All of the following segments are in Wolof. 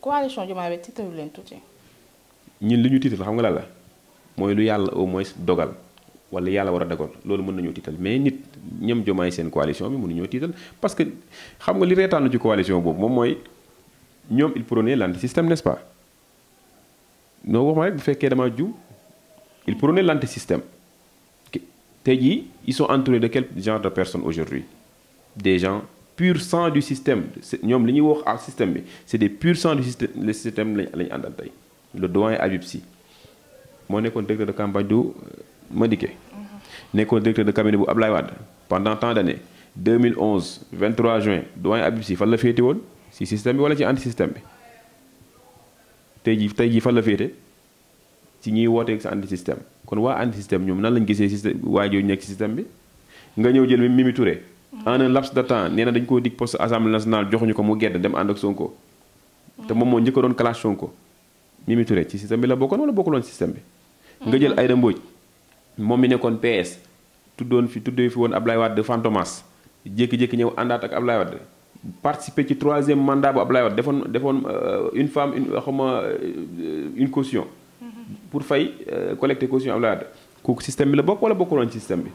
coalition Diomaye bi tiitalu leen tuuti. ñun li ñu tiital xam nga lan la mooy lu yàlla au moins dogal wala yàlla war a dogal loolu mën nañoo tiital mais nit ñoom Diomaye seen coalition bi mënuñoo tiital parce que xam nga li reetaanu ci coalition boobu moom mooy ñoom il prônait l'antisystème n'est-ce pas noo wax ma rek bu fekkee damaa ju il prônait l'antisystème tey jii ils sont entourés de quel genre de personnes aujourd'hui des gens pur cent du système ñoom li ñuy wax ak système bi c'est des pur sang du système le système lañ lañ àndal tey le doyen Habib Sy moo nekkoon directeur de campagne du euh, Madické mm-hmm. nekkoon directeur de cabinet bu ab Ablaye Wade pendant tant d'années 2011 23 juin doyen Habib si fan la féete woon ci système bi wala ci anti système bi tey jii tey jii fan la féete ci ñuy wooteeg sa anti système kon waa anti système ñoom nan lañ gisee système waa joo nekk ci bi nga ñëw jël Mimi Touré. en un laps de temps nee na dañ koo dig poste assemblée nationale joxuñu ko mu gedd dem ànd ak Sonko. te moom moo njëkk doon clash Sonko. Mimi Touré ci système bi bokkoon wala bokkuloon système nga jël Aïda Mbodj moom mi nekkoon PS. tuddoon fi tuddee fi woon Ablaye Wade Fantomas jékki-jékki ñëw àndaat ak Ablaye Wade participer ci troisième mandat bu Ablaye Wade defoon defoon euh, une femme une xawma euh, une caution. Mm-hmm. pour fay euh, collecter caution Ablaye Wade kooku système bi la bokk wala bokkuloon ci système bi.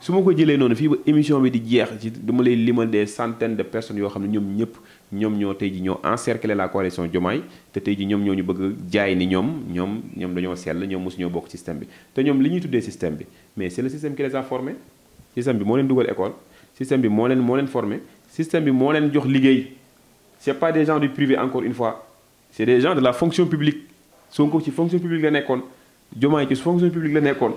su ma ko jëlee noonu fii ba émission bi di jeex ci dama lay limal des centaines de personnes yoo xam ne ñoom ñëpp ñoom ñoo tey ji ñoo encercler la coalition Diomaye te tey ji ñoom ñoo ñu bëgg jaay ni ñoom ñoom ñoom dañoo sell ñoom mosu ñoo bokk système bi te ñoom li ñuy tuddee système bi mais c'est le système qui les a formés système bi moo leen dugal école système bi moo leen moo leen formé système bi moo leen jox liggéey c'est pas des gens du privé encore une fois c'est des gens de la nekkoon Diomaye ci fonction la nekkoon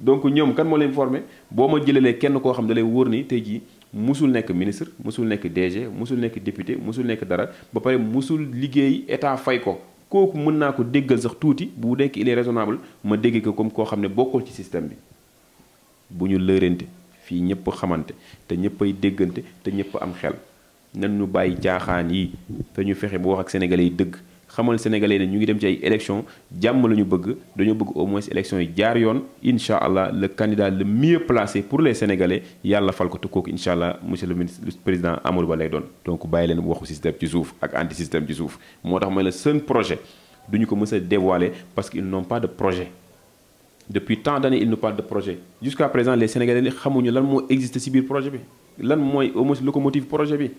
donc ñoom kan moo leen formé boo ma jëlalee kenn koo xam da lay wóor ni tey jii musul nekk ministre mosul nekk DG mosul nekk député mosul nekk dara ba pare musul liggéey état fay ko kooku mën naa ko déggal sax tuuti bu nekk il est raisonnable ma dégg ko comme koo xam ne bokkul ci système bi bu ñu lërante fii ñëpp xamante te ñëpp ay déggante te ñëpp am xel nan ñu bàyyi jaaxaan yi te ñu fexe bu wax ak sénégalais yi dëgg xamal sénégalais ne ñu ngi dem ci ay élection jàmm la ñu bëgg dañoo bëgg au moins élection yi jaar yoon incha allah le candidat le mieux placé pour les sénégalais yàlla fal ko te kooku incha allah monsieur le ministre le président Amadou Ba lay doon donc bàyyi leen waxu système ci suuf ak anti système ci suuf moo tax mooy la seen projet duñu ko mës a dévoiler parce qu'ils n'ont pas de projet depuis tant d'années ils nous parlent de projet jusqu'à présent les sénégalais lan moo existé ci biir projet bi lan mooy au moins projet bi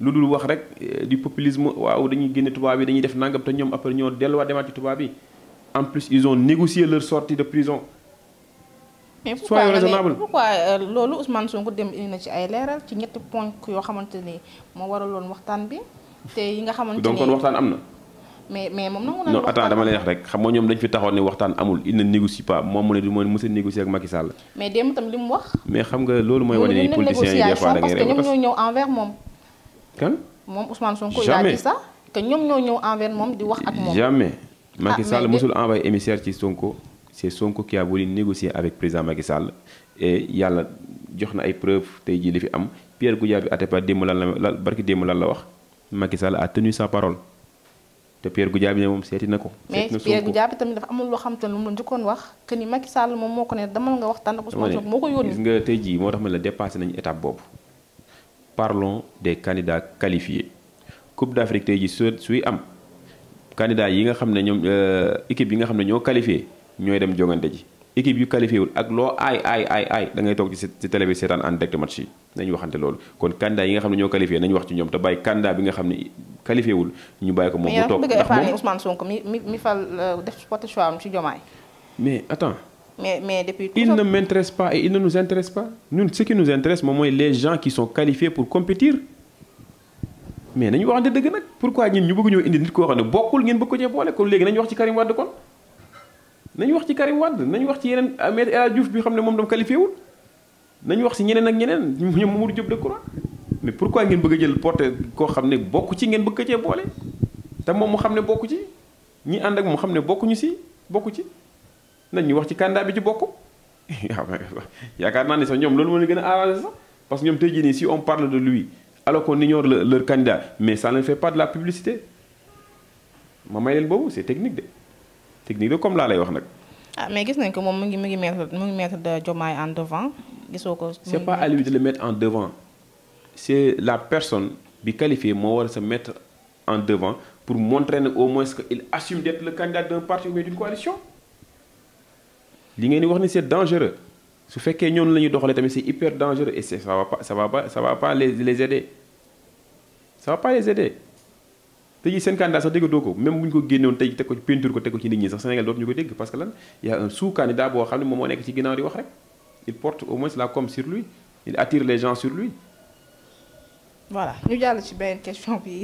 lu dul wax rek euh, du populisme waaw dañuy génne tubaab yi dañuy def nangam te ñoom après ñoo delluwaat demaat ci tubaab yi en plus ils ont négocié leur sortie de prison. mais pourquoi mais loolu euh, loolu Ousmane Sonko dem indi na ci ay leeral ci ñetti ponk yoo xamante ni moo waraloon waxtaan bi te yi nga xamante ni donc kon waxtaan am na. mais mais moom nangu na non attends dama lay wax rek xam nga ñoom dañ fi taxoon ne waxtaan amul il ne négocie pas moom mu ne du ma a négocier ak Macky Sall. mais démb tam li xam nga loolu mooy wane ni moom. kan moom Ousmane Sonko il a dit ça que ñoom ñoo ñëw envers moom di wax ak moom. jamais ah, Macky Sall mosul envoyé émissaire ci Sonko c' est Sonko qui a voulu négocier avec président Macky jox na ay preuves tey jii li fi am Pierre Goudiaby Atepa la la wax a tenu sa parole. moom na ko. mais moo ko ne demal nga waxtaan ak Ousmane Sonko moo ko yónni. nga tey jii moo tax ma la dépassé nañu étape boobu. parlons des candidats qualifiés Coupe d'Afrique tey ji suy am candidats yi nga xam ne ñoom euh, équipe yi nga xam ne ñoo qualifié ñooy dem jogante ji équipe yu qualifié ak loo aay aay aay aay da ngay toog ci ci télé bi seetaan en direct match yi nañu waxante loolu kon candidat yi nga xam ne ñoo qualifié nañu wax ci ñoom te bàyyi candidat bi nga xam ne qualifié wul ñu bàyyi ko moom mu toog ndax moom Ousmane Sonko mi mi fal euh, def porte am ci Diomaye mais attends mais mais depuis. il ne m'intéresse pas et il ne nous intéresse pas ñun ce mooy les gens qui sont qualifiés pour compétir mais nañu waxante dëgg nag pourquoi ñun ñu bëgg ñoo indi nit koo ne bokkul ngeen bëgg ko cee boole kon léegi nañu wax ci Karim Wade kon nañu wax ci Karim Wade nañu wax ci yeneen ah, Me El Hadji Diouf bi xam ne moom dam qualifié wul nañu wax si ñeneen ak ñeneen ñoom Mamadou Diop Decroix mais pourquoi ngeen bëgg a jël porté koo xam ne bokk ci ngeen bëgg ko cee boole te moom mu xam ne bokku ci ñi ànd ak moom xam ne bokkuñu si bokku ci nañ wax ci candidat bi ci bokk ah, yaakaar naa ne sax ñoom loolu moo leen gën a arrangé sax parce que ñoom tey jii nii si on parle de lui alors qu'on ignore le leur candidat mais ça ne fait pas de la publicité ma may leen boobu c'est technique de technique de comme laa lay wax nag. ah mais gis nañ ko moom mu ngi mu ngi mettre mu ngi mettre Diomaye en devant gisoo ko. c'est pas à lui de le en devant c'est la personne bi qualifiée moo war a se mettre en devant pour montrer ne au moins que il assume d'être le candidat li ngeen di wax ni c'est dangereux su fekkee ñoom la ñuy doxalee tamit c'est hyper dangereux et c'est ça pas ça pas ça pas les les aider ça pas les aider tey seen candidat sax dégg doo ko même bu ñu ko génnewoon tey teg ko peinture ko teg ko ci nit ñi sax Sénégal dootu ñu ko dégg parce que lan y a un sous-candidat boo xam ne moom moo nekk ci ginnaaw di wax rek il porte au moins la com sur lui il attire les gens sur lui. voilà ñu jàll ci beneen question bi.